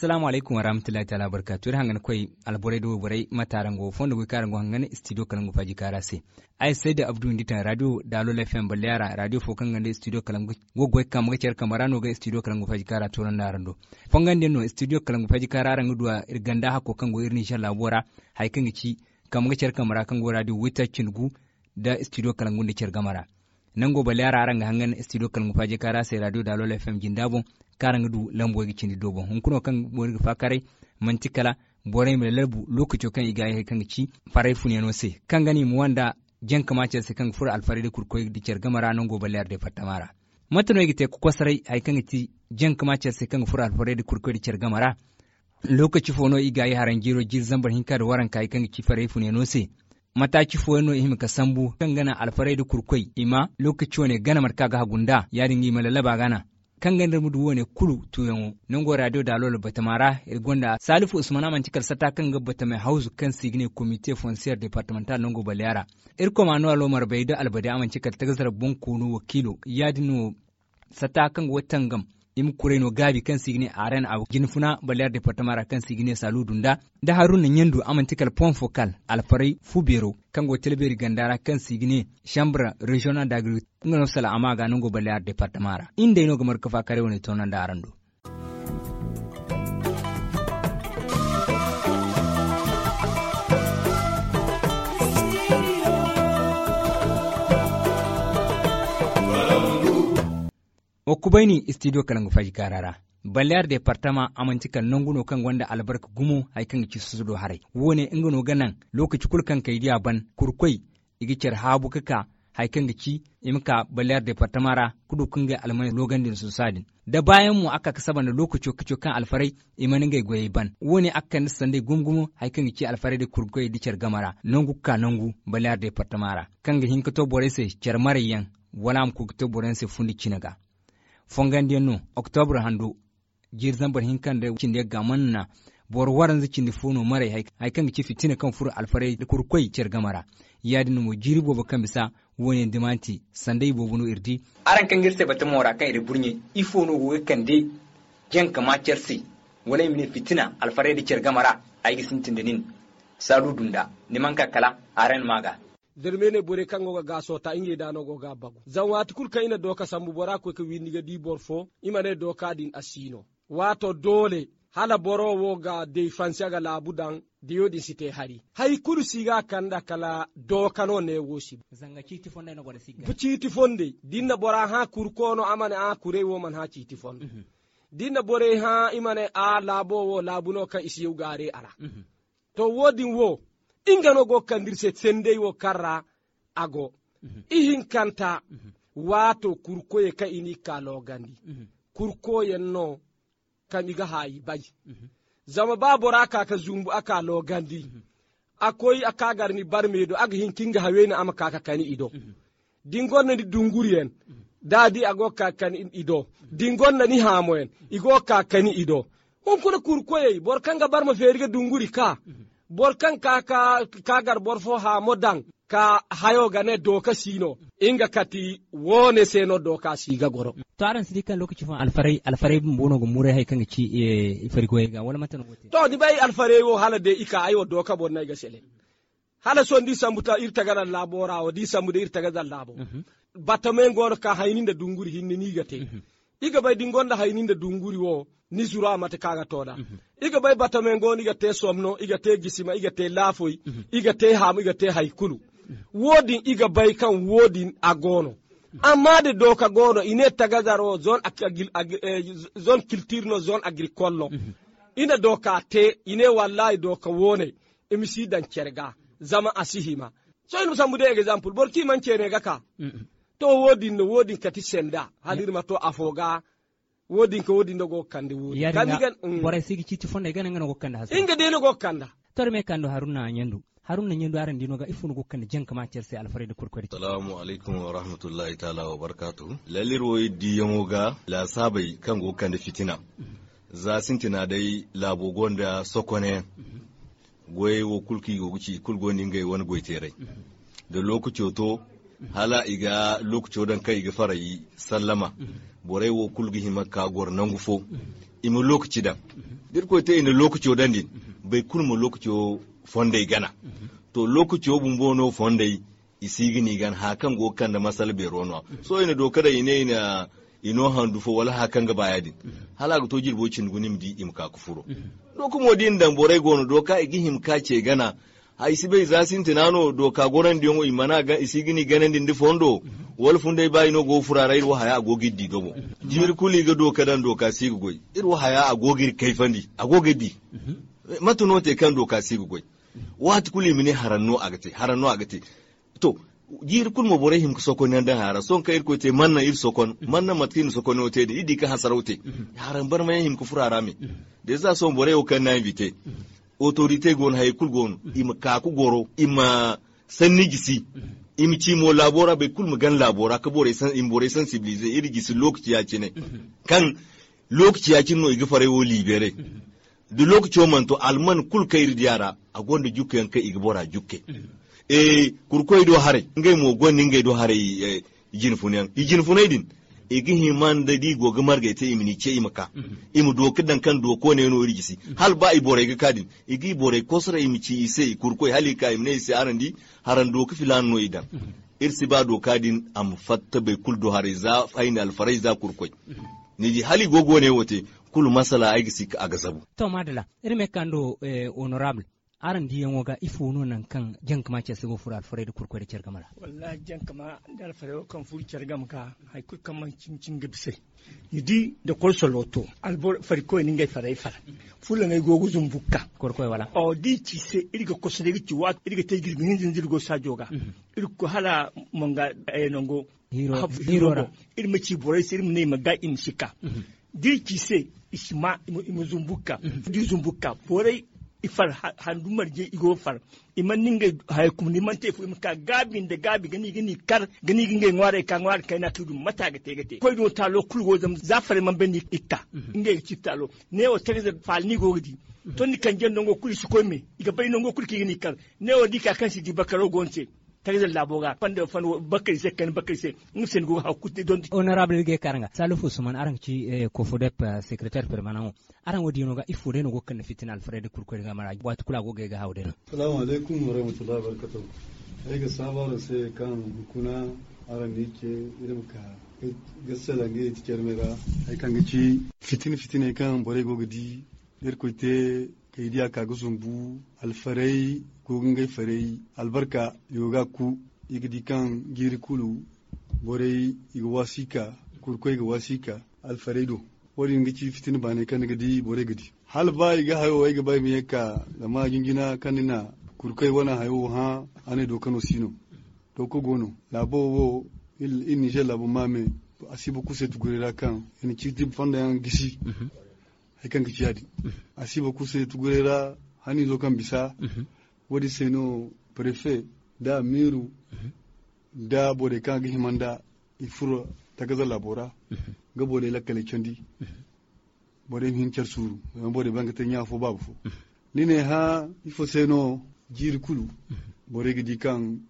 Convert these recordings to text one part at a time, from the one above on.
assalamu alaikum wa rahmatullahi ta'ala barkatu da hangana kai alborai da borai mataran go fondo go karan go hangan studio kalangu faji karase ai sai da abdu indita radio dalo la fm balyara radio fo kan de studio kalangu go go kam ga cer kamarano ga studio kalangu faji kara to nan narando fongan den no studio kalangu faji kara ran duwa irganda hako kango irin insha Allah bora hay kan ci kam ga cer kamara kango radio wita cingu da studio kalangu da cer gamara nan go balyara ran ga hangan studio kalangu faji kara sai radio dalo la fm jindabo karanga du lambo gi cindi dobo hun kuno kan bori fa kare man kala bore mi lalbu lokaci kan iga he kan ci farai fune no se kan gani mu wanda jan kama ce se kan fur alfari da kurkoy di cer gamara non go balyar de fatamara matano gi te ku kosrai hay kan ci jan kama ce se kan fur alfari da kurkoy di cer gamara lokaci fono iga yi haran jiro jir zambar hinka da waran kai kan ci farai fune no se mataki foyano ihim ka sambu kan gana alfarai da kurkwai ima lokaci ne gana marka ga gunda yarin yi malalaba gana kan kangandar mudu wane kulu nan nango radio da lolo batamara gonda salifu usmana man cikar sata bata mai hausu kan signe comité foncier départemental nango baliara irko manu alo marbaido albadi aman cikar tagazar bon kunu wakilo yadino sata watan gam. im kureno gabi kan signe aren abu ginfuna departement ra kan signe salu dunda da haruna nyendu amantikal point focal alfarai fubero kango telberi gandara kan signe chambre regional d'agriculture ngono sala amaga nango baler departamara inde ino gamar kafa kare woni tonanda da arando o kubayni studio kalangu faji karara ballar departama amanci kan nanguno kan wanda albarka gumo hay kan ci susudo harai wone gano ganan lokaci kulkan kai diya ban kurkoi cer habu kaka hay kan ci imka ballar departamara kudu kunga almai logandin susadin da bayan mu aka kasaba da lokaci kicho kan alfarai imanin gai goyi ban wone aka nisan dai gumgumo hay kan ci alfarai da kurkoi cer gamara nangu ka nangu ballar departamara kan ga hinkato borese cermariyan wala am kugto borense fundi cinaga fongandiyan no octobre hando jirzambar hinkande cinde gaman na bor waranzi cindi fono marai hay haykanga ci fitina kan furu alfarai da kurkoi gamara yadi no mo jiri bobo kambe sa woni dimanti sandai bobo no irdi aran kan girse bata mora kan iri burnye ifo no wo kande jan kama cersi wala mine fitina alfarai da gamara ay gisin nin sadu dunda niman kakala aran maga dermene bore kango ga gaso ta inge dano go ga bagu zawati kul kaina do ka sambu bora ko ke windiga di borfo imane do kadin asino wato dole hala boro wo ga dey fansiaga laabu dan diyoɗin site hari hay kulu siga kanda kala dokano ne wosi citi fonde dinna bora ha kurkono amane a kurey woman ha citi fonde mm -hmm. dinna bore ha imane a wo laabowo laabuno kan isiyewgare ala mm -hmm. to wodin wo ingano go se sendey wo kara ago mhm. ihinkanta mhm. wato kurkoye ka ini kalogandi mhm. kurkoyen no kaniga hayi bay zama ba bora kaka zumbu aka logandi akoi aka garni barmedo aga hinkinga haweni ama kaka kani ido dingonna ni dunguriyen dadi ago kakani ido dingonna ni hamoyen igo kakani ido hunkuna kurkoyey bor kanga barma feriga dunguri ka mm -hmm. bor kan ka ka kagar bor fo ha modan ka hayo gane doka sino inga kati wone seno doka siga goro to aran sidi kan lokaci fa alfarai alfarai bono go mure hay kan ci e fariko ga wala matan wote to di bay alfarai wo hala de ika ayo doka bon nay ga sele hala so ndi sambuta irta gana labora o di de irta gana labo mhm. batame ngor ka hayninde dunguri hinni ni gate mhm. iga bay di gonda hayninde dunguri wo ni sura mate kaga toda mm -hmm. iga bai bata goni iga te somno iga te gisima iga te lafoi mm -hmm. iga te ham iga te haikulu mm -hmm. iga bai kan wodi agono mhm. amma de doka gono ine tagazaro zone agil, ag, eh, zone culture no zone agricole mhm. ina doka te ine wallahi doka wone emisi dan cerga zama asihima so inu sambude example borki man cene gaka mhm. to wodi no wodi kati senda hadirma to afoga wodin ko wodin go kande wodi gan mm. bore sigi citti fonde gan ngana go kande hasa inga de go kanda tore me kando haruna nyandu haruna nyandu aran dino ga ifunu go kande janka ma cerse alfarede kurkori assalamu alaikum wa rahmatullahi ta'ala wa barakatuh laliroi diyango ga la sabai kan go kande fitina za sintina dai labo gonda sokone mhm. goyi wo kulki go guci kulgo ningai wani tere. Mhm. da lokaci to hala iga lokacin dan kai iga fara sallama borai wo kulgi hima ka gor nan gufo imu lokaci da dirko ta ina lokaci dan din bai kulmo lokaci fondai gana to lokaci bun bono fondai gini gan hakan go kan da masal be rono so ina doka da ina ina ino handu fo wala hakan ga din hala ga tojir bocin gunim di imka kufuro lokumo din dan borai gono doka igi himka ce gana za be zasintinano do kagorandiyoŋo imana isigini ganandindi fondo wala funda ba ino go furara irwa haya agogi digobo jir kuli ga do dan do ka sigo goy irwa haya agogi kaifandi agogi di n'o te kan do ka sigo goy wat kuli mini haranno agate haranno agate to jir kul mo bore him soko nan dan hara son kai ko te manna ir sokon manna matkin sokon o te idi ka hasarote haran bar mai him ku furara me de za son bore o kan na invite autorité gon hay kul gon im ka ku goro im euh, sanni gisi mm-hmm. im ci mo labora be kul gan labora ka bore san im bore sensibilize iri gisi lok ci ya cine mm-hmm. kan lok ci ya cine no igi fare wo libere mm-hmm. du lok ci o to alman kul kairi diara a agonda jukke yanka igi bora jukke e kurkoy do hare ngai mo gonni ngai do hare eh, jin funen jin funaydin igihi man da di goga marga ita imini ke imaka mhm. imu doki dan kan doko ne no rigisi mhm. hal ba i bore ga kadin igi bore ko imici imi ci ise kurkoi halika imne ise arandi haran doki filan no idan mhm. irsi ba doka din am fatta bai kul do hariza final fariza faraiza kurkoi ni ji hali gogo ne wote kul masala aigisi ka agazabu to madala irme kando eh, honorable aran di yan waga ifo no nan kan jan kama ce sigo furar fure da kurkure cer gamara wallahi jan kama dal fure kan fur cer gam ka hay ku kama cincin gibse yidi da kol soloto albor fari ko ninga fare fara fula ngai gogo bukka. kurkure wala o di ci se irga ko se ci wat irga te girbi ngin zin dirgo sa joga mhm. irko hala monga e eh, nongo hiro hiro irma ci borai sirim ne maga in shika mhm. di ci se isma imu zumbuka mhm. di zumbuka borai ifar handu marje igo far iman ninga hay kum ni tefu im ka gabi de gabi gani gani kar gani gani ngware ka ngware kai na tudu mata ga tege te koy do talo kul go zam zafar man ben ikka mhm. nge ci talo ne o tere fal ni go di mhm. toni kan jendo go kul su ko me iga bay go kul ki gani kar ne o di ka kan si di bakaro gonce tagdal laboga pande fan bakay se ken bakay se ngi sen go ha kutti don honorable ge karanga salufu suman arang ci eh, ko dep eh, secrétaire permanent arang wodi no ga ifo de no go kan fitina alfred kurko ga mara wat kula go ge ga hawde no assalamu alaikum wa rahmatullahi wa barakatuh ai ga sabar se kan kuna arang ni ke irin ka sala ge tikar mera ay kan ga ci fitin fitin kan bore go di der ko te kaydiya ka gusumbu alfarai kugingai farey albarka yoga ku igdikan giri kulu borey igwasika kurkoy igwasika iga wasika alfareydo wori ngi ci fitin bane kan gidi bore gidi hal ba iga hayo iga bay miyaka lama gingina kanina kurkoy wana hayo ha ane do kanu sino to ko gono labo wo il inni je labo mame asibu kuse tugurera kan en ci dib fanda yang gisi mhm. hay kan gici yadi mhm. asibu kuse tugurera hani zo kan bisa mhm waɗi seno préfet da miru da bode kan gi himanda ifuro furo tagaza labora ga bode lakkale condi bode hin cer suru bode bangate nya fo babu fo nine ha ifo faut seno jiri kulu bore gidi kan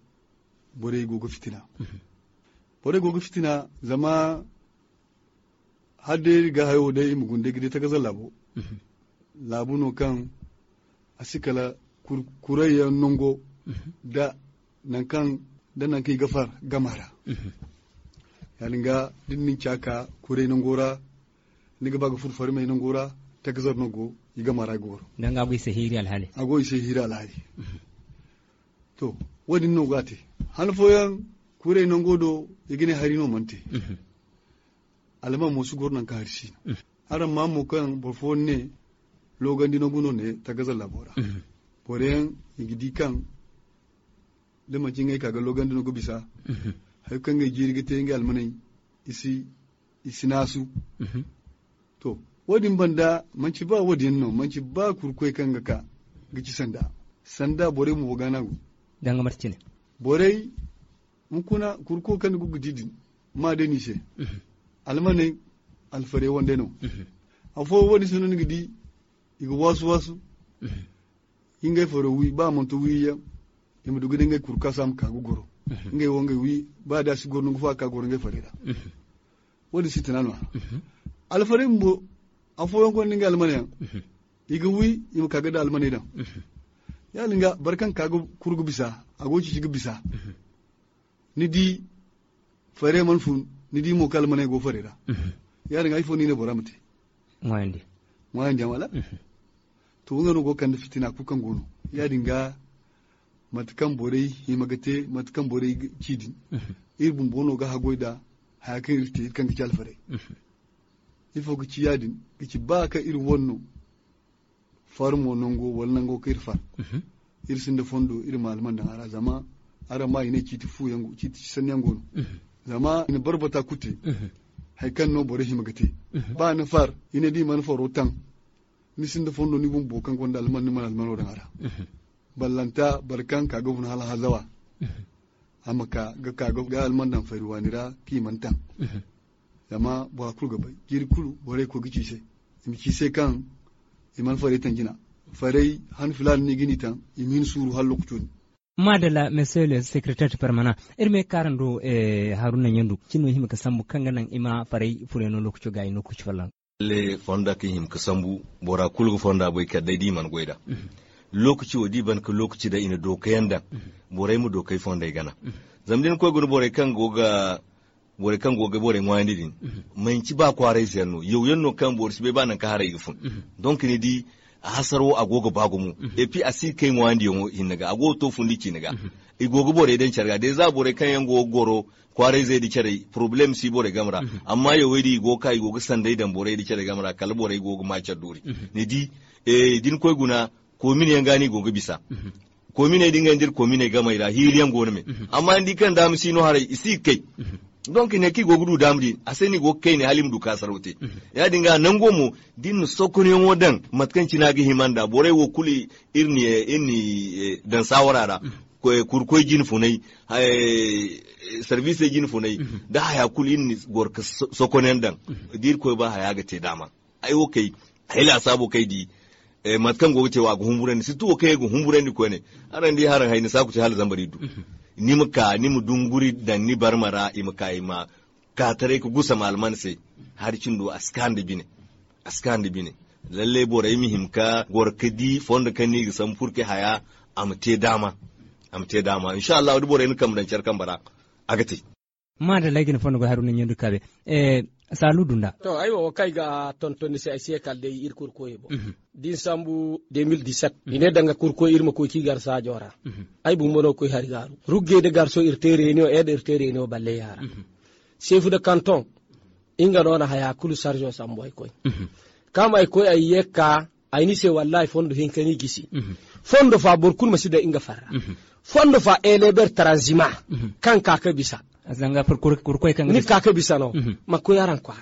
go gogo fitina go gogo fitina zama hadde ga hayo dai mugunde gidi tagaza labo labu no kan asikala kuraya nongo mhm. da nankan da nankai gafar gamara mhm. yalinga dinnin chaka kurai ni ga baga furfari mai gora ta gazar go yi gamara goro nan ga bisa hiri alhali ago isa hiri alhali mhm. to wadin nogate hanfoyan kurai nongo do hari harino mante alama mosu gornan ka harshi haran mamu kan borfon ne logan no ne ta gazar labora foreyan gidi kan lima jingai kaga logan dana ko bisa mhm. hay kan ga jirgi te ngal isi isi nasu mhm. to wadin banda manci ba wadin no manci ba kurkwe kan ga ka gici sanda sanda bore mu bogana gu ga martine bore mun kuna kurko kan gu gididin ma da ni she. Mhm. almanai alfare wanda no afo wani sunan gidi iga wasu wasu inge foro wi ba monto wiya yemu dugede nge kurka sam ka gugoro mhm. nge wonge wi ba da si gornu fa ka gornge farira mhm. wodi sitinanwa mhm. alfare mbo afo yonko ninge almane iga wi yemu ka gada almane da yalinga barkan kaga kurgu bisa agoci cigu bisa ni di fare man fun ni di mo kalmane go farira yalinga ifo ni ne boramte ngwandi ngwandi amala to wongano go kandi fitina ku kan gono ya dinga matakan yi himagate matakan borei kidin uhuh. irbun bono ga da hayakan irte kan ki alfarai uhuh. ifo ki yadin ki ba ka ir wonno farmo nongo walnango ka ir far uhuh. ir da fondo ir malaman da ara zama ara ma ne kiti fu yango san yango zama ina barbata kuti haikan no bore magate ba na far ina di man faro tan ni sinda fondo ni bun bokan gonda alman ni man alman wadan ara ballanta barkan ka gubun hala hazawa amma ka ga ga alman dan fairuwa nira dama yama ba kul gaba jiri kulu ware ko gici sai Imi ci sai kan iman fare tan gina fare han filan ni gini tan imin suru hallo kutun madala monsieur le secrétaire permanent irme karando e eh, haruna nyandu himi ka sambu nan ima fare fureno na gay gayi kucu falan le fonda kin him kasambu bora kulgu fonda boy kadai di man goida mhm. lokaci wodi ban ka lokaci da ina dokayan da mhm. borai mu dokai fonda gana mhm. zamdin ko gun borai kan goga bore kan goga bore ngwani din man ci ba kwarai zanno yau yanno kan bore sibe ba nan ka hara ifun donc ni di a hasaro agogo bagumu e pi asi kai ngwani yo hinnaga agogo to fundi ci naga igogo bore den charga de za bore kan yango goro kware zai di chere problem si bore gamra mhm. amma yo wedi igo ka igogo sandai dan bore di chere gamra kal bore igogo ma chaduri mhm. ne di e din koy guna ko min yanga ni gogo bisa mhm. ko min din gandir ko min gama ira hiliyan gonu me amma ndi kan dam si no hare isi kai donc ne ki a damdi ni go kai ne halim du kasarote ya dinga nan mu din sokoni wadan matkan cinagi himanda bore wo kuli irni e, ni e, dan sawara. kurkoi jin funai service jin funai mhm. da haya kulin gorka sokonen dan mhm. dir ko ba haya ga te dama ai wo kai ai la sabo kai di eh, matkan gobe cewa go humburan si to kai go humburan ni ko ne aran di haran haini sa ku ce hal zambari du mhm. ni muka ni mu dunguri dan ni barmara i muka i ma ka tare ku gusa malman sai har cin do askan da bine askan da bine lalle borai mihimka gorkadi fonda kan ni san furke haya amte dama amte dama insha Allah du bore kam dan cerkan bara agati ma da lagin fon go Haruna nyandu kabe e eh, saludu nda to aywa wa kai ga tontoni se ay kal de ir kur ko yebo mhm. din sambu 2017 mhm. ine danga kur ko irma ko ki gar sa jora mhm. ay bu mono ko har garu rugge de garso ir tere ni o ed ir tere ni o balle yara chef de canton inga dona haya kulu sarjo samboy koy kam ay koy ay yeka aini se wallahi fondo hinkani gisi mhm. fondo fa borkun masida inga fara. Mhm. fondo fa eleber transima mhm. kan kaka bisa azanga kur kur kan ni kaka bisa no makko yaran kwa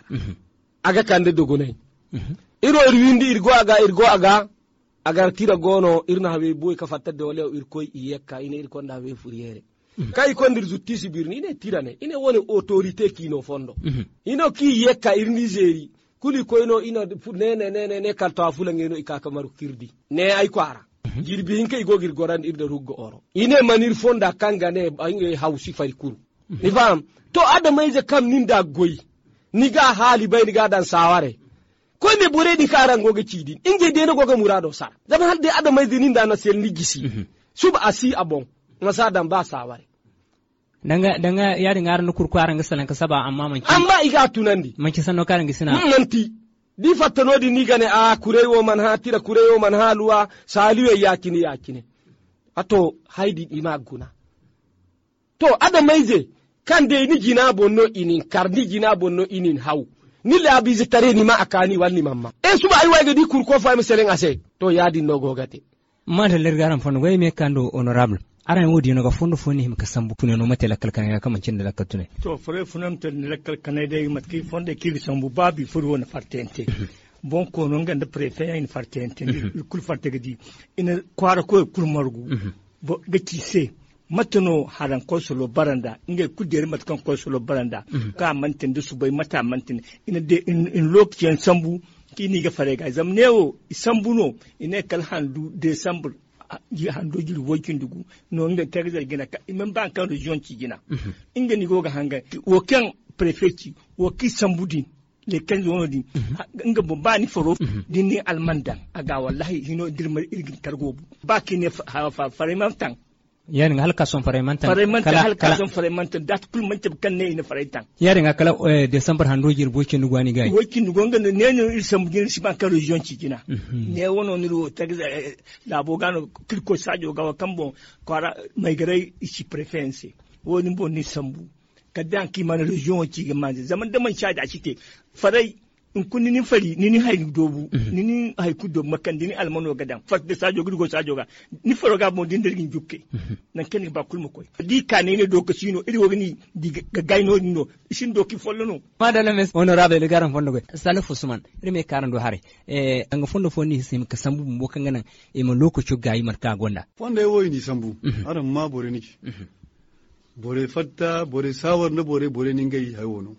aga kande dogonai iro irwindi irgo aga irgo aga agar tira gono irna habe boy ka fattade wala irkoy iyeka ina konda habe furiyere kai kondir zutti sibirni ne tirane ine woni autorite kino fondo ino ki yekka ir jeri. kuli koyno ino nene nene ne kaltawa fulangeno ika kamaru kirdi ne ay kwara jirbi mhm. hinke igo gir goran irde ruggo oro ine manir fonda kanga ne ayge hausi fari kuru mhm. ni fam to adamayje kam ninda goyi niga hali bay niga dan saware ko ne bure di karan goga cidi inge dena goga murado sar zama hande adamayje ninda na sel ni gisi mhm. sub asi abon ngasa dan ba saware danga danga ya dinga arna kurku aranga ka saba amma manki amma iga tunandi manki sanno karanga sina nanti mm, di di ni gane a kureyo man ha tira kureyo man ha luwa saliwe yakini yakine ato haydi ma guna to adamayje kan de ni jina bonno inin kar ni jina bonno inin hau ni labiji tare ni ma akani wanni mamma e suba ay wayga di kurko fayma selen ase to yadi no gogate madalir garan fonu goy me kando honorable ara wo wodi naga fondo foni him sambu tuna no mate lakkal kanay kama cin da lakkal tuna to fure funam tan lakkal yi dai matki fonde ki sambu babi furu wona fartente mhm. bon ko non ganda préfet en fartente mhm. kul farte gadi ina kwara ko kul margu mhm. bo gaki se matano haran konsolo baranda inga kudere matkan konsolo baranda ka mantin da bai mata mantin ina de in lokacin sambu kini ga fare ga zam newo sambu no ina kalhan du december hando jiri wokin dugu no nga terza gina ka imam ban kan region ci gina mhm. inga ni goga hanga wo kan prefecture wo ki sambudin le ken zo din mhm. nga bo bani foro mhm. din ni almandan aga wallahi hino dirma irgin kargo ba ki ne fa fa tan yarin halka son faremanta mantan halka son mantan dat kul mantan kan ne ina faraitan nga kala eh, december hando jir boki nu gani gai boki nu gonga ne ne il sam gin si ban kalu jon ci gina mhm. ne wono ni ro tag eh, la bogano ko sajo gawa kambo ara mai gare ci preference woni bon ni sambu kadan ki man region ci gama zaman da man sha da ci te farai nkun nini fari nini hay dobu mhm. nini hay ku dobu makkan dini almano gadan fat de sajo gudu go sajo ga ni faro ga mo din dergin jukke mhm. nan ken ba kul mo koy di ka ne ne doka sino iri wogni di ga gayno no isin do ki follono madala mes honorable le garan fondo go salaf usman ri me karando hare e anga fondo foni sim ka sambu mo kan ganan e mo lokaci gayi ka gonda fondo e ni sambu mhm. aran ma bore ni bore fatta bore sawar na bore bore ningai hay wono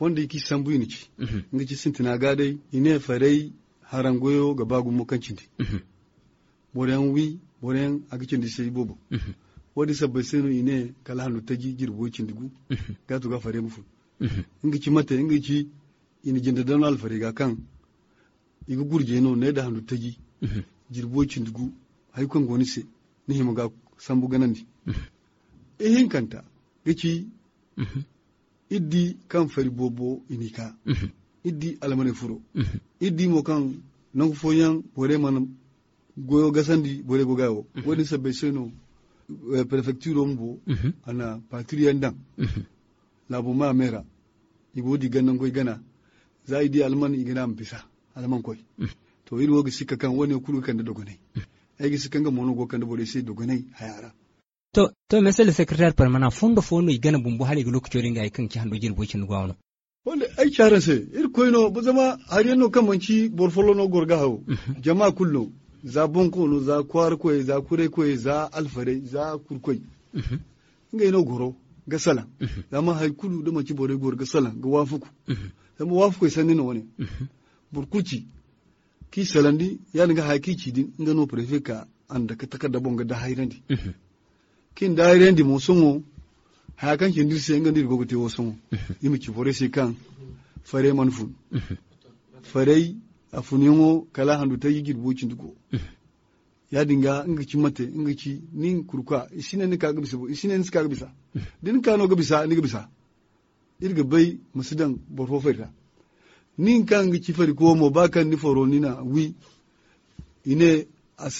fondi ki sambu ni ci mhm. ngi ci sintina gadai ine farai harangoyo ga bagun mukancin kancin mhm. boren wi boren agicin di sai bobo mhm. wadi sabbai sinu ine kala hannu tagi girbo cin digu gatu ga fare mufu fu ci mata ngi ci ina jinda donal fare ga kan igu gurje no ne da hannu ta ji cin dugu hay goni se ni himu ga sambu ganandi ehin kanta gaci iddi kan fari bobo inika mhm. iddi almane furo mhm. iddi mo kan nan foyan bore man goyo gasandi bore go gawo mhm. woni sabbe seno eh, prefecture mbo ana patrie ndan labo ma mera ibo di ganan koy gana za idi alman igana mbisa alman koy to iri wogi sikka kan woni kulu kan da dogone ay gi sikka ga mono go kan da bore sai dogone hayara to to mesele secrétaire permanent fondo fono igana bumbu hali gulu lokacin ringa ai ki hando jirbo kin gwawno wanda ai se ir koyno bu zama hariyanno borfolo no gorga hawo mhm. Jama kullu za bonkono za kwar koy za kure koy za alfare za kurkoy mhm. ngai no goro ga sala mhm. zama haikulu da maci bore gor ga sala ga wafuku zama wafuku e sanni no ne burkuci ki salandi ya ga hakici din n'o prefect ka anda ka takarda bonga da hayrandi kin da ren di musungu ha kan kin dirse ngan dir gogo te wosungu imi ki fore si kan fare man fun fare afuningo kala handu ta yigir bocin dugo ya dinga inga ci mate inga ci nin kurka isine ni kaga bisa isine ni kaga bisa din ka no gabisa ni gabisa. irga bai musidan borfo fayta nin kan ga ci fari ko mo bakan ni foro nina wi ine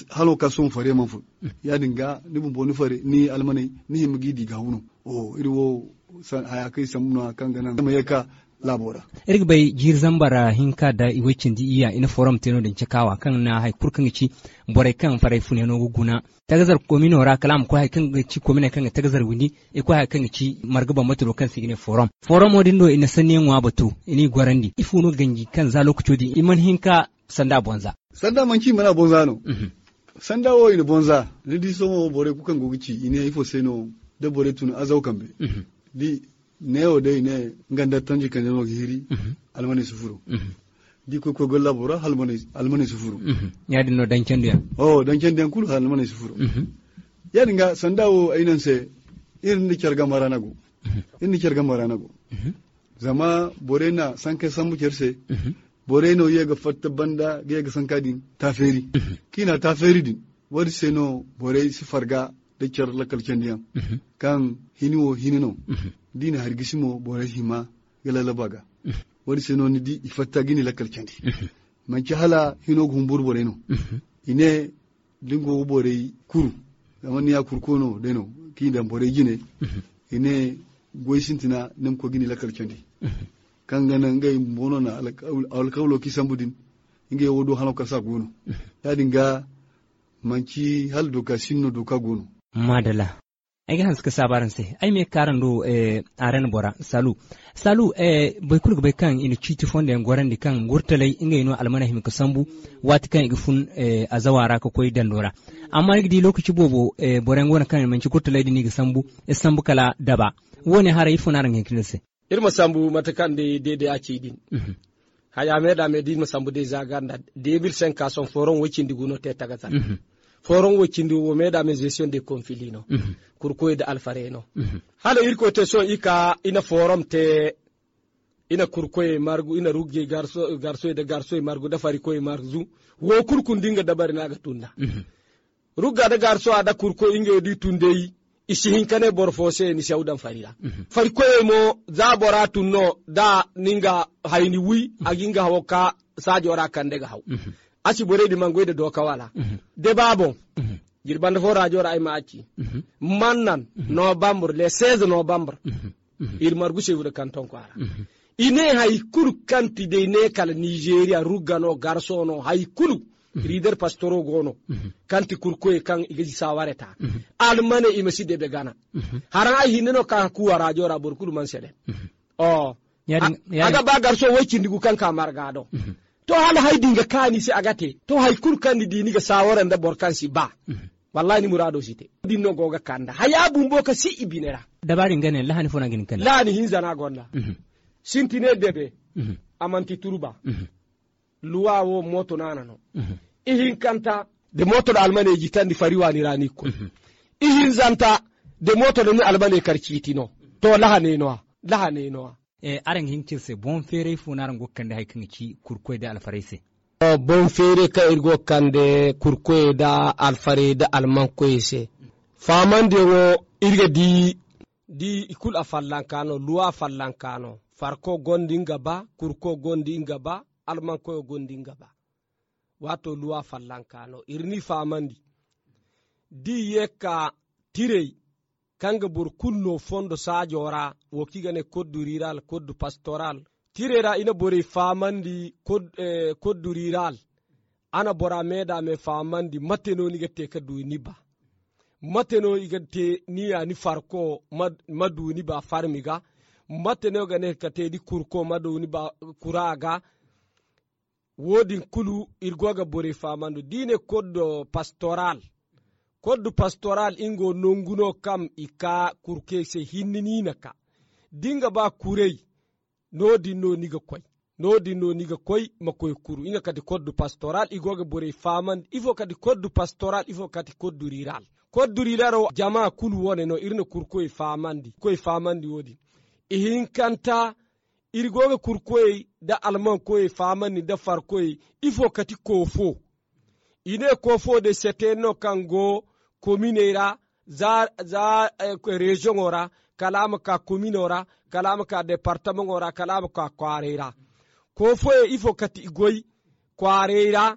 halo ka son fare man fu ya dinga ni bun ni fare ni almanai ni gidi diga wuno o iri wo san aya kai muna kan ganan ma yaka labora irig bai jir zambara hinka da iwacin di iya ina forum teno din cikawa kan na hay kurkan ci bore kan fare fune no guguna tagazar komino ra kalam ko hay kan ci komina kan tagazar windi e ko hay kan ci margaba matulo kan sigine forum forum odin do ina sanin wa batu ini gwarandi ifuno ganji kan za lokacodi. di iman hinka sanda bonza sanda manki mana bonza no mhm. sanda wo ina bonza ni di somo bore kukan gogici ina ifo seno da bore tun azau kambe mhm. di ne o dai ne nganda tanji kanje no giri mhm. almani sufuru di ko ko golla bora almani almani sufuru di no dan kendu ya oh dan kendu kul almani sufuru yadi nga sanda wo ainan se irin ni kyarga go irin ni kyarga go zama bore na sanke sambu kerse bore no yega fatta banda yega sankadin taferi mhm. kina taferi din wadi seno bore si farga da kyar lakal kendiyan mhm. kan hiniwo hinino mhm. dina hargisimo bore hima galalabaga wadi seno ni di ifatta gini lakal kendi manki hala hino gumbur bore no ine lingo bore kuru amani ya kurkono deno kinda bore gine ine goisintina nem ko gini lakal kendi kangana ngai mbonona alkawlo ki sambudin ngai wodo hano kasa gono yadi nga manchi hal doka sinno doka gono madala ay gan suka sabaran sai ay me karando e eh aren bora salu salu eh boy kulga bay kan ina chiti fonde ngoran di kan ngurtale inga no almana him ka sambu wat kan igfun eh azawara ka koy dandora amma igdi lokaci bobo eh boran gona kan manchi kurtale di ni ga sambu e sambu kala daba woni hara funar ngi hinkinse irma sambu matakan de de de akidin mhm. haya meda medin masambu de zaganda 2005 kason foron wakin diguno te tagata mhm. foron wakindi wo meda mes gestion de confilino mm -hmm. kurkoye da alfareno mhm. hala irko te son ika ina forum te ina kurkoye margu ina rugge garso garso da garso e margu da fari koye margu wo kurkun dinga dabari ga tunda mm rugga da garso ada kurko inge di tundeyi isi borfose ni sewdan farira mm -hmm. fari za bora tunno da ninga hayni wi mhm. aginga hawoka sajora kandega haw mm -hmm. asi boreydi mangoyde doka wala mm -hmm. de babon mm -hmm. jirbande fo ay ayma acci mm -hmm. mannan mm -hmm. novembre le 16 novembre mm -hmm. mm -hmm. ir margu sewude kanton ko ara mm -hmm. ine hay kulu kanti de ne kala nigeria ruggano garsono hay kulu rider mm-hmm. pastoro gono mm-hmm. kanti kurkoye kan igasi sawareta mm-hmm. almane imesi debe gana haran ay hinno ka kuwa rajora borkuru man sede o oh. aga ba garso cindigu kan ka margado to hala hay dinga kani si agate to hay kurkandi diniga sawaranda borkan si ba wallahi ni murado site dinno goga kanda haya bumbo ka si ibinera dabari ngane lahani fona gin kan lahani hinzana Sinti sintine debe amanti turuba luwa wo moto nanano mhm. ihin kanta de moto da almane fari wani rani ko mhm. ihin zanta de moto da ni almane no. to ne no e eh, aran kirse bon fere naran gokkande hay kan ci kurkoy da alfarayse o eh, bon fere ka ir gokkande kurkoy da alfare da alman koyse famande wo irge di di ikul a luwa afallankano farko gondi nga ba kurko gondi nga ba almankoyo gondingaba wato luwa fallankano irni famandi di yeka tirey kanga bor kulno fondo sajora wokigane koddu riral koddu pastoral tirera ina borey famandi kod, eh, koddu riral ana bora medame famandi mateno niga te ka mateno iga niya ni farko maduni ba farmiga mateno gane ka kurko maduni kuraga wodin kulu irgoga bore famandu dine koddo pastoral koddu pastoral ingo nonguno kam ika kurkese hinninina ka dinga ba kurei nodinno niga koy nodinno niga koy makoy kuru inga kadi koddu pastoral igoga bore famand ifo kadi koddu pastoral ifo kadi koddu rural koddu rural o jama kulu wone no irna kurkoy famandi koy famandi wodi ihinkanta irgoga kurkoy da alman koy famani da farkoy ifo kati kofo ine kofo de seteno kango kominera za za eh, region ora kalama ka kominora kalama ka departement ora kalama ka kwarera kofo e ifo kati igoy kwarera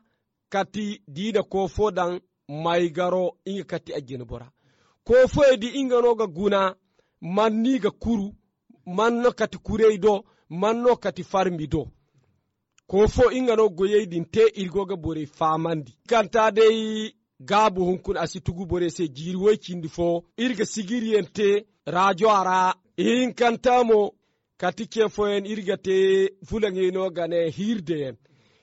kati dida kofo dan maigaro inga kati ajin bora kofo e di ingano ga guna manni ga kuru manno kati kureido do manno kati farmido ko fo ingano goyeydin te irgoga bore famandi kanta dai gaabo hunkun asi tugu bore se jiriwoy cindi fo irga sigiriyen te radio ara hinkantamo kati kefoyen irga te fulangenoogane hirdeyen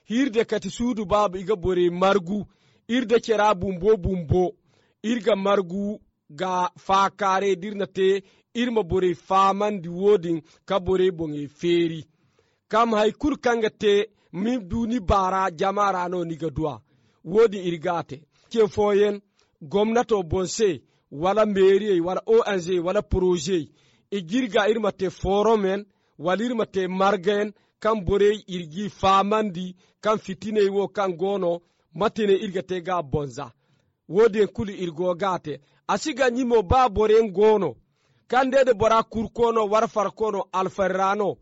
hirde kati sudu babu iga bore margu irde cera bumbo bumbo irga margu ga faakare dirna te irma borey famandi wodin ka borey boŋe feeri kam hay kul kaŋga te mi duni bara jamara no niga duwa wodi irgate ke foyen gomnato bonse wala mairie wala ong wala projet igirga irma te foromen wala irma te margen kan borey irgi famandi kan fitiney wo kan gono matine irga te ga bonza wodi en kul irgo gate asiga nyimo ba boren gono kandede bora kurkono warfarkono alfarrano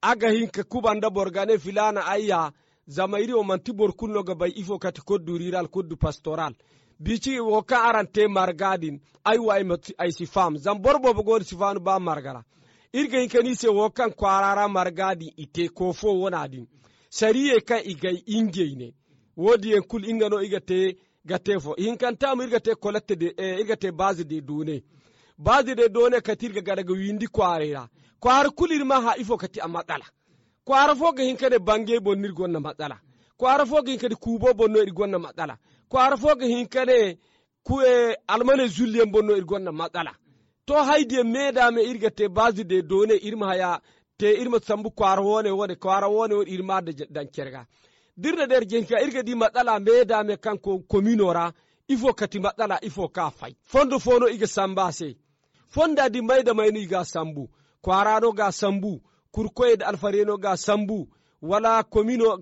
aga hinka kubanda borgane filana ayya zamairi o manti borkunno bay ifo kati kodduriral koddu pastoral bici wo ka arante margadin aywa ay sifam zam borbo bogon sifanu ba margara irga ni se wo kan kwarara margadi ite ko kofo wonadin sariye kan igay ingeyne wodi en kul ingano igate gatefo hinkantamu irgate kolatte de eh, irgate base de badire done katirga garaga windi kwarera kwar ma ha ifo kati a matsala kwara foga hinkade bange bonir gonna matsala kwara foga hinkade kubo bonno ir gonna matsala kwara foga hinkade e almane julien bonno ir gonna matsala to haydi medame irgate te de done irma haya te irma sambu kwar wone wode kwar wone wode irma dankerga dirna der jenka irga di matsala medame kanko kominora ifo kati matsala ifo ka fay fondo fono iga sambase fonda di mayda mayni ga sambu kwarano ga sambu kurkoyed alfareno ga sambu wala komino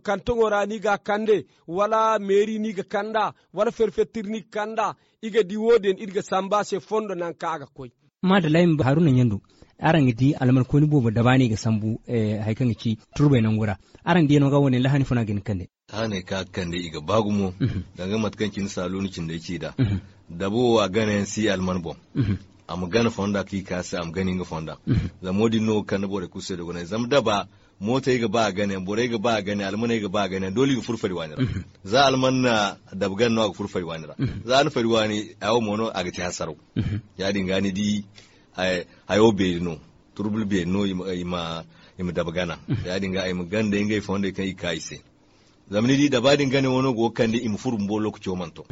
n'i ga kande wala meri n'i ga kanda wala ferfetir ni kanda iga diwoden irga se fondo nan ka aga koy Madalain haruna nyandu aran di alman koni bobo dabani ga sambu eh, haikan ci turbe nan gura aran di ga wani lahani funa gin kande hane ka kande iga bagumo mhm. daga matkan kin saloni cin da yake da mhm. dabo wa ganen si alman bom mhm. am gana fonda ki ka sa am gani nga fonda za modi no kan bore kuse da gona zam daba mota ga ba gane bore ga ba gane almana ga ba gane dole ga furfari wani za almanna dabgan no ga furfari wani za an fari wani ayo mono aga ta saro ya dinga ni di ayo be no turbul be no ima ima dabgana ya dinga ai da inga fonda kai kai se zamani di dinga ne wono go kan di im furum bo lokacin manto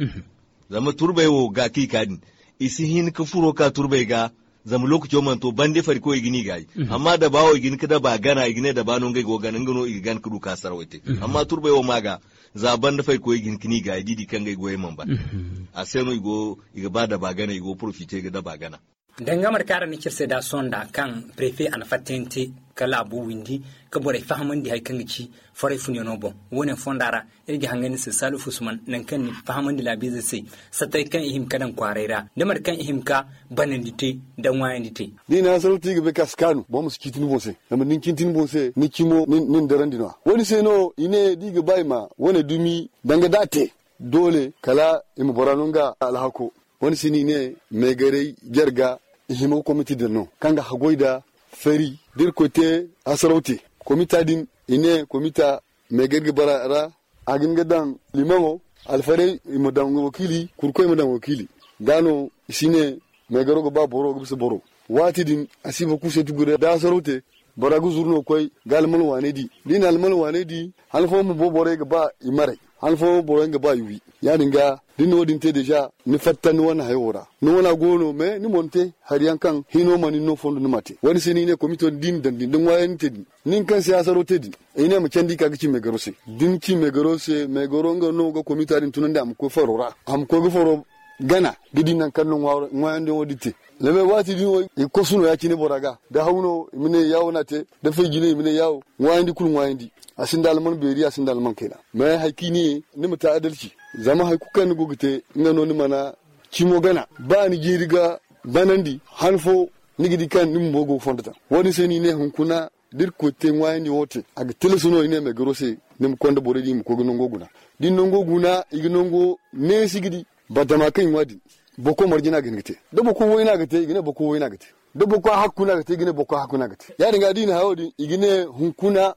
zama turbe wo ga ki kadin isi hin ka furo ka turbai ga zama lokaci o manto bande fari ko igini gai mhm. amma da bawo igini kada ba gana igine da banon gai gogan ngano igan kudu ka sarwaite mhm. amma turbai o maga za da fari ko igini kini gai didi kan gai goye man ba mhm. a seno igo iga ba da ba gana igo profite ga da ba gana dangamar kara ni kirse da sonda kan prefe an fatente kala labu windi ka bore fahamun di haikan gici fore funyo bon fondara irgi hangani se salu fusman nan kan ni fahamun di labi zai satai kan ihim kadan kwarera damar kan ihim ka banan dite dan wayan dite ni na salu tigi be kaskanu bo musu kitin bonse amma nin kintin bonse ni kimo nin daran dino woni se no ine diga bayma wani dumi dangadate dole kala imu boranunga alhako wani sinine megerey jarga ihimau komitidano kanga hagoida feri dir kote asarauti komita din ine komita megerge barara aginga dan limango alfare imadan wakili kurko imadan wakili dano isine megerogo ba boro gibse boro wati din asiba kuse tugure da asarauti baragu zurno koy galmal wanedi din almal wanedi halfo mu bo bore ga ba imare alfa boron boran ga ba yuwi yani ga din wodin te deja ni fatta ni wani hayora ni wani gono me ni monte har yankan hino mani no fondo ni mate wani sini ne komito din dan din din wayan te di nin kan siyasa ro te di ine mu kendi ka gici me garose din ci me garose me goronga no ga komito din tunan da am ko farora am ko ga faro gana gidi nan kan non wawo ngwayan don te. leme wati din wo e kosuno ya kini boraga da hauno mine yawo na te da fe gine mine yawo wayan di kul wayan di a alman beri a alman kaina mai haiki ne ni muta adalci zama haiku kan gugute ina ni mana cimo gana ba ni giriga banandi hanfo gidi kan ni mogo fondata wani sai ni ne hunkuna dir kote ni wote aga telesono ine me grose nim konda ni mu kogo nongo guna din nongo guna igi nongo ne sigidi badama kan wadi boko marjina gangate da boko woina gate igine boko woina gate da boko hakuna gate igine boko hakuna gate ya dinga dina hawdi igine hunkuna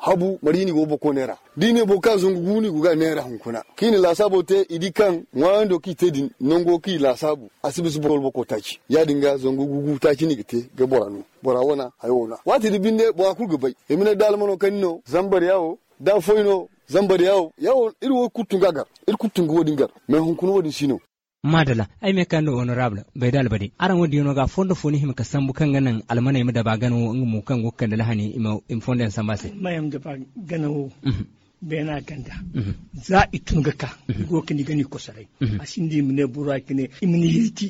habu marini go boko nera dine bo kan zungu guni guga nera hunkuna kini la sabo te idi kan wando ki din nongo ki la sabu asibis bol boko tachi ya dinga zungu gugu tachi ni gite ga boranu bora wona hayona wati di binde bo ku gubai emina dalmano kanno zambar yawo dan foino zambar yawo yawo irwo kutungagar ir kutungu wodingar me hunkuna wodi sino madala ai me kan honorable bai dal bade aran wadi yono ga fondo foni him ka sambu kan ganan almana mi da ba gano in mu kan gokkan da lahani im fondan sambase mayam da ba gano mhm. bena ganda mhm. za i tunga ka mhm. go kini gani ko sarai asindi mine bura kini imni yiti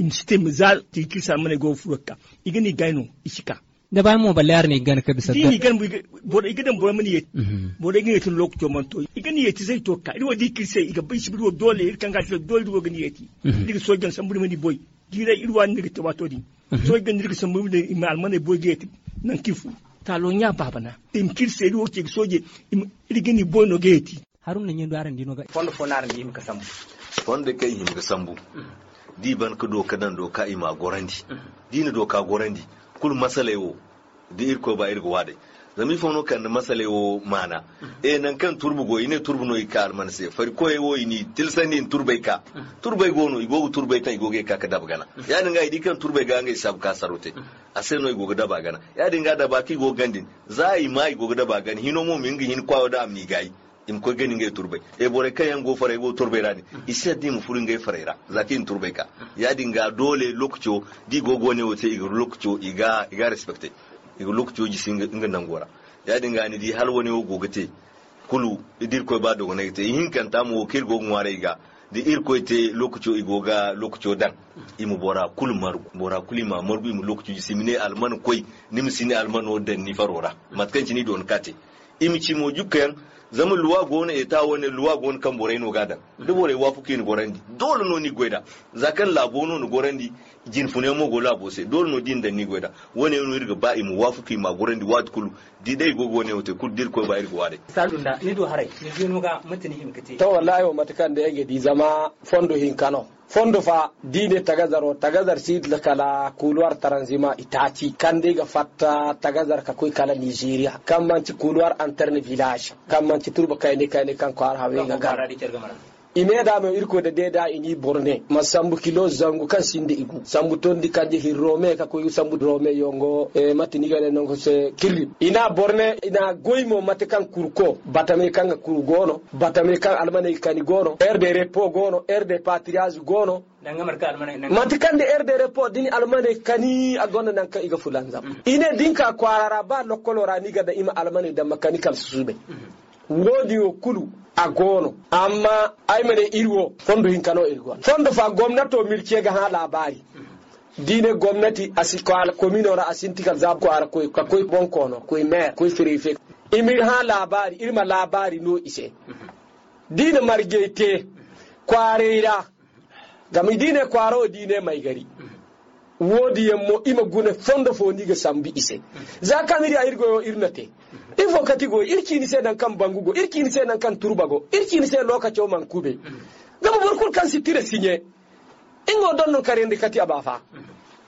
in sistem za ti kisa mane go fuka igani gaino ishika da ba mu balla yar ne gan ka bisa ni gan bodo igadan bodo mani mhm. bodo igani tun lokto man to igani yeti sai to ka iwo dikir sai iga bai shibiru dole irkan ga dole dugo gani yeti diga mhm. sojan sambur mani boy gira irwan ne ta wato di gan mhm. diga sambur mani ima almane boy geti nan kifu lo nya na tim kir sai dugo ke soje irgani boy no geti haruna nyen do aran dino ga fondo fonar ni ka sambu fondo kai ka sambu di ban ka doka nan doka ima gorandi dina doka gorandi kul masale wo di irko ba irgo wade zami fono kan masale wo mana mhm. e nan kan turbu go ine turbu no ikar man se far ko e wo ini tilsani turbai ka mhm. turbai go no igo turbai ta igo ge ka ka dab gana mhm. ya dinga idi kan turbai ga ngai sab ka sarote ase no igo daba gana ya dinga daba ki go gandin za yi ma igo daba gani hino mo min hin kwawo da amni gai im ko gani ngay turbe e bore kayan go fare go turbe rani isa di mu furu ngay fare ra zati in turbe ka ya dinga dole lokcio di go go ne wote iga lokcio iga iga respecte iga lokcio ji singa inga nangora ya dinga ni di hal woni wo go gate kulu idir ko ba do go ne te hin kan ta mo kil go ngware iga ir ko te lokaco igoga lokaco dan imu bora kul mar bora kuli ma mu imu ji simine alman koy nim sini alman o den ni farora matkan ni don kate imi ci mo jukkan zama luwa gona ta wani luwa gona kan borai no gadan da borai wa fuke ni gorandi dole no ni goida zakan lagono ni gorandi jin fune mo gola bose dol no din da ni goda woni no irga ba imu wafuki ma gorandi wat kulu di dai gogo ne wote kul dir ko ba irga wade salunda ni do harai ni jinu ga mutani him kate to wallahi o matakan da yage di zama fondo hin kano fondo fa dine tagazaro tagazar sidla kala kuluwar taranzima itaci kande ga fatta tagazar ka koy kala nigeria kan manci kuluwar interne village kan manci turba kayne kayne kan ko har hawe ga gara ine da me irko da de da ini borne ma sambu kilo zangu kan sinde igu sambu tondi kanje hirome ka ko sambu rome yongo e eh, ni gale non ko se kirri ina borne ina goymo mate kan kurko batame kan kur gono batame kan almane kan gono de repo gono de patriage gono mati kandi de repo dini almane kani agonda nanka iga fulanza mm. ine dinka kwarara ba ni ga da ima almane da mechanical susube mm -hmm. wodi yo kulu a gono amma ay mene irwo fondo hinkano irgo fondo fa gomnato milkega ha labari diine gomnati asi ko ala commune ora asinti kal zab ko ara koy ka koy bon kono koy maire koy préfet imir ha labari irma labari no ise diine margeyte kwareira gam diine kwaro diine may gari wodi yemmo ima gune fondo fondiga sambi ise za kamiri a irgo irnate ifo katigo irki ni sedan kan bangugo irki ni sedan kan turbago sedan se lokaco man kube gama burkul kan sittire signé ingo donno non karende kati abafa fa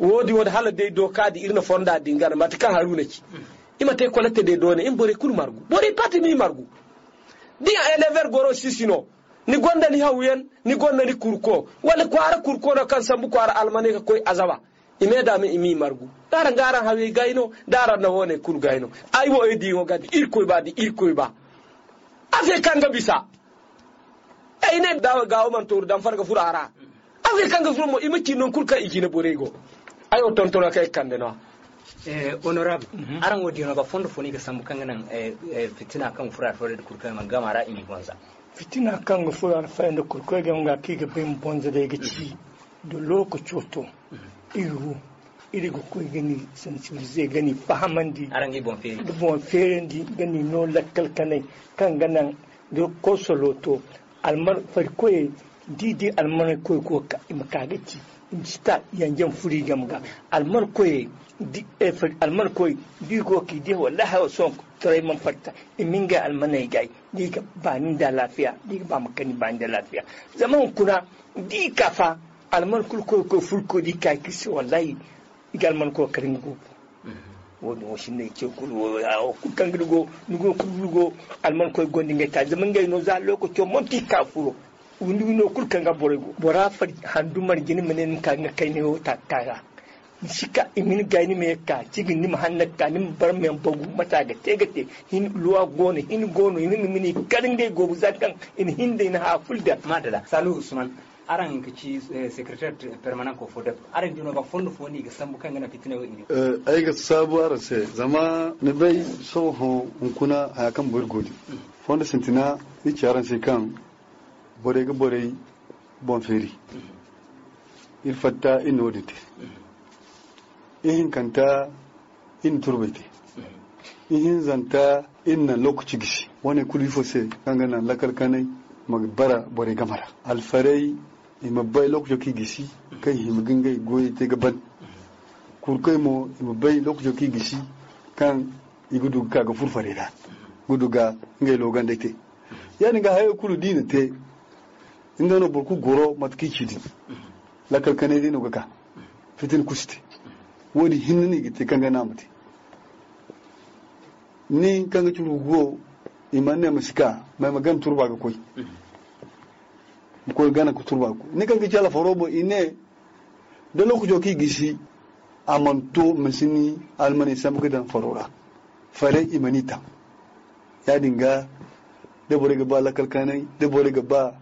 wodi wod hala de do kadi irna fonda dingana mata kan haruna ki ima te kolate de ne in bore kul margu bore pati mi margu dia elever goro sisino ni gonda ni hawyen ni gonda ni kurko wala kwara kurko no kan sambu kwara almane ka koy azaba ime dame imi margu dara ngara hawe gaino dara na hone kul gaino ai wo edi ngo gadi irkoy ba di irkoy ba afi kanga bisa ay ne dawa gawo man tur dan farga fura ara afi kanga furo mo imati non kul ka igine borego ay o tontona kay kande no eh honorable mhm. aran wodi no ba fondo foni ga sambu kanga nan eh, eh fitina kan fura fura da kurkai man gamara imi gonza fitina kan fura fura da kurkai ga ngaki ga bin bonza da ga ci da lokaci to iru irigo koy gani sensibiliser gani fahamandi arangi bon feri bon fere di gani no lakkal kanai kan ganan do kosolo to almar farkoye didi almar koy ko makagati jita yanjan furi gamga almar e di eh, almar koye di go ki di wallahi wa son tray man fatta iminga almanai gai diga bani da lafiya diga ba makani bani da lafiya zaman kuna di kafa alman kulko ko fulko di ka kisi wallahi igal man ko karin go mhm. woni o shinne ke kul wo ku kangri go nugo kul go alman ko gondi ngai ta zaman ngay no za loko to monti ka furo wundi no kul kanga bore go bora fa handu man gini menen ka nga kai ne o takara shika imin gayni me ka cigin nim hanna ka nim bar men bogu mata ga tegate hin luwa gono hin gono hin mini karin dai gobu zakkan in hinde na hafulda madala salu usman aran ka ci eh, secretary eh, permanent ko fodep aran dino ba fondo foni ga sambu kan gana fitina wani eh ai ga sabu aran sai zama ne bai so ho kuna a kan burgodi mm. fondo sentina ci aran sai kan bore ga bore bon feri mm. il fatta in odite mm. in kanta in turbite in zanta in na lokaci gishi wani kulifo sai kan gana lakarkanai magbara bore gamara alfarai ima bay lokjo ki gisi kai ima gingay goyi te gaban kurkai mo ima bay lokjo ki gisi kan igudu ka ga furfare da gudu ga ngai logan de te yani ga haye kulu dina te inda no burku goro matki chidi la kalkane dinu ga ka fitin kusti wodi hinni gite te kan ga namuti ni kan ga churu go imanne musika mai magan turba ga koi gana kuegana kuturbaku nikangici ala forobo ine de lokuco ki gisi amanto masini almani samkidan farora fare imanita ya dinga da bore ga ba lakalkanai da bore ga ba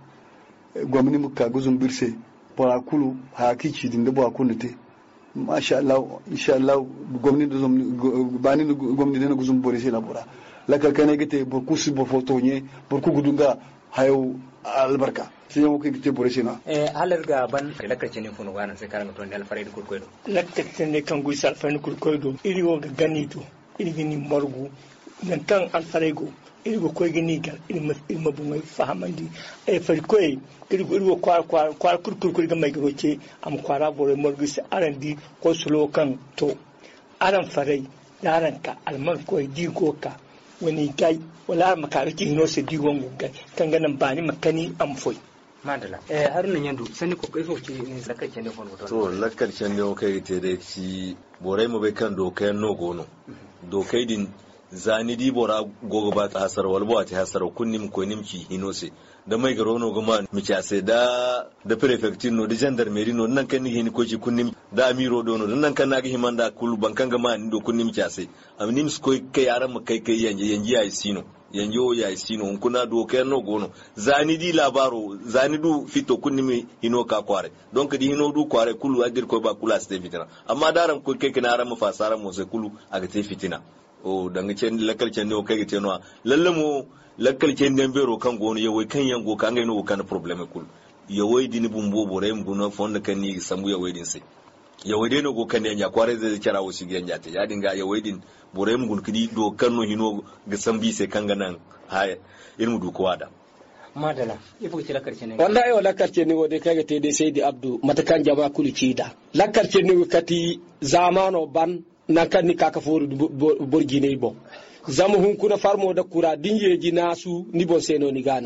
eh, muka guzun birse kulu barakulu hakici din da barakulu te masha Allah insha Allah gwamni do zum bani gwamni da guzun bore sai labura lakalkanai gite burkusi bofotonye burku gudunga hayo albarka sai yau kai te bore sina eh halar ga ban lakkace ne funu wana sai karanga ton ne farid kurkoido lakkace ne kan guisa farid kurkoido iri wo gani do iri gani margu nan kan alfarego iri go koy gini gal iri ma iri ma bu mai fahamandi e eh, farid iri go iri go kwar kwar kwar kurkurkur ga mai go ce am kwara bore margu sai arandi ko sulo kan to aran farai yaranka alman koy digo ka wani gai wala makare ki no se diwon gugai kangana bani makani amfoi madala eh nan yandu sani ko kai foke ne zakar kende kon wato to zakar ne o kai te dai ci borai mu bai kan dokai no gono dokai din zani di bora gogo ba ta hasar walbo ta hasar kunnim ko nimki hinose da mai garo no goma mi ase da da prefecture no da gendarmerie no nan kan ni ko ji kunnim da amiro do no nan kan nagi da kulu bankan gama ni do kunnim ase amnim sko kai yaran mu kai kai yanje yanje ai sino yanje o ya isi no kuna do kai no gono zani di labaro zani du fito kunni mi hino ka kware donc di hino du kware kulu agir ko ba kula ste fitina amma daran ko kai na aran mu fasara mu sai kulu aga te fitina o oh, danga chen lakal ne kai kay te no lallamo lakal chen den bero kan go ye way kan yango kan gaino kan problem e kul ye way dini bumbo bore mu no fon kan ni samu ye way din sai ye way deno go kan ya kware zai kira wa shi genya te ya dinga ye way din bore mgu kidi do kan no hino ga bi sai kan ganan ha ilmu du ko wada madala ibuti lakarce ne wallahi wala karce ne wode kaga te dai sai di abdu matakan jama kulu cida lakarce ne wakati zamano ban na kanni kaka foru ne bon zamu hun kuna farmo da kura dinye gina su ni bon seno ni ga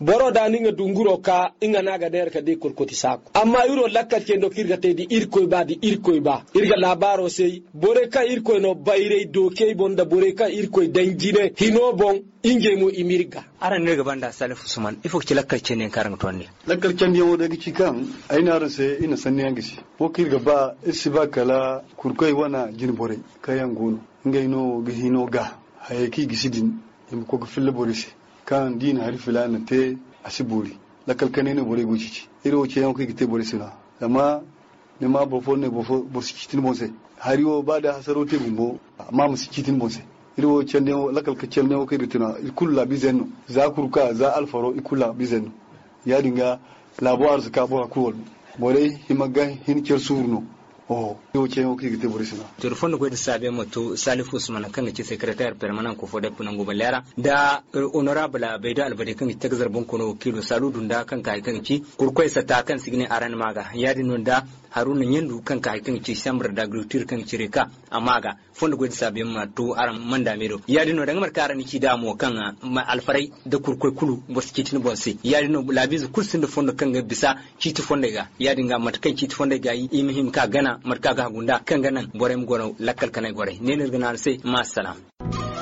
boro da ninga dunguro ka inga naga der ka de kurkoti sako amma yuro lakka ke do kirga te di irko ba di irko ba irga labaro sei bore ka irko no bayre do ke bon da bore ka irko danjine hino bon inge mu imirga aran ne gaban da salif usman ifo ki lakkar ce ne karin tonne lakkar can ne wanda gici kan na rase ina sanni yan gici ko ki gaba isi ba kala kurkai wana jin bore kayan gono Nga ino gihi no ga hayaki gici din in ko ga fille bore shi kan din hari filana te asiburi lakkar kan ne bore guci iro ce yan ko gite bore sina amma ne ma bofo ne bofo bo sikitin bonse hari o ba da hasaro te bumbo amma musikitin bonse irwo celnewo lakal ka celnewo ka irtina ikulla za kurka za alfaro ikulla bizenno yadinga labo arzika bo hakuwol bolay himaga hin cer o yo ceo ki te borisina tur fondo ko sabe moto salif usman kan ci secrétaire permanent ko fodep nangu lera da er, honorable abeda albade kan ci tagzar bon kono kilo salu dunda kan kai kan ci kurkoi sata kan signe aran maga yadi non da haruna nyendu kan kai kan ci sambar da glutir kan ci reka amaga fondo ko sabe moto aran manda medo yadi non da ngamar karan ci da mo kan alfarai da kurkoi kulu bos kitin bonse yadi non labizu kursin da fondo kan bisa ci ti fonda ga yadi nga matakai ci ti fonda ga yi imhim ka gana markaa gunda kanganan borem gono lakkal kanay gore nenirganaanse maasalam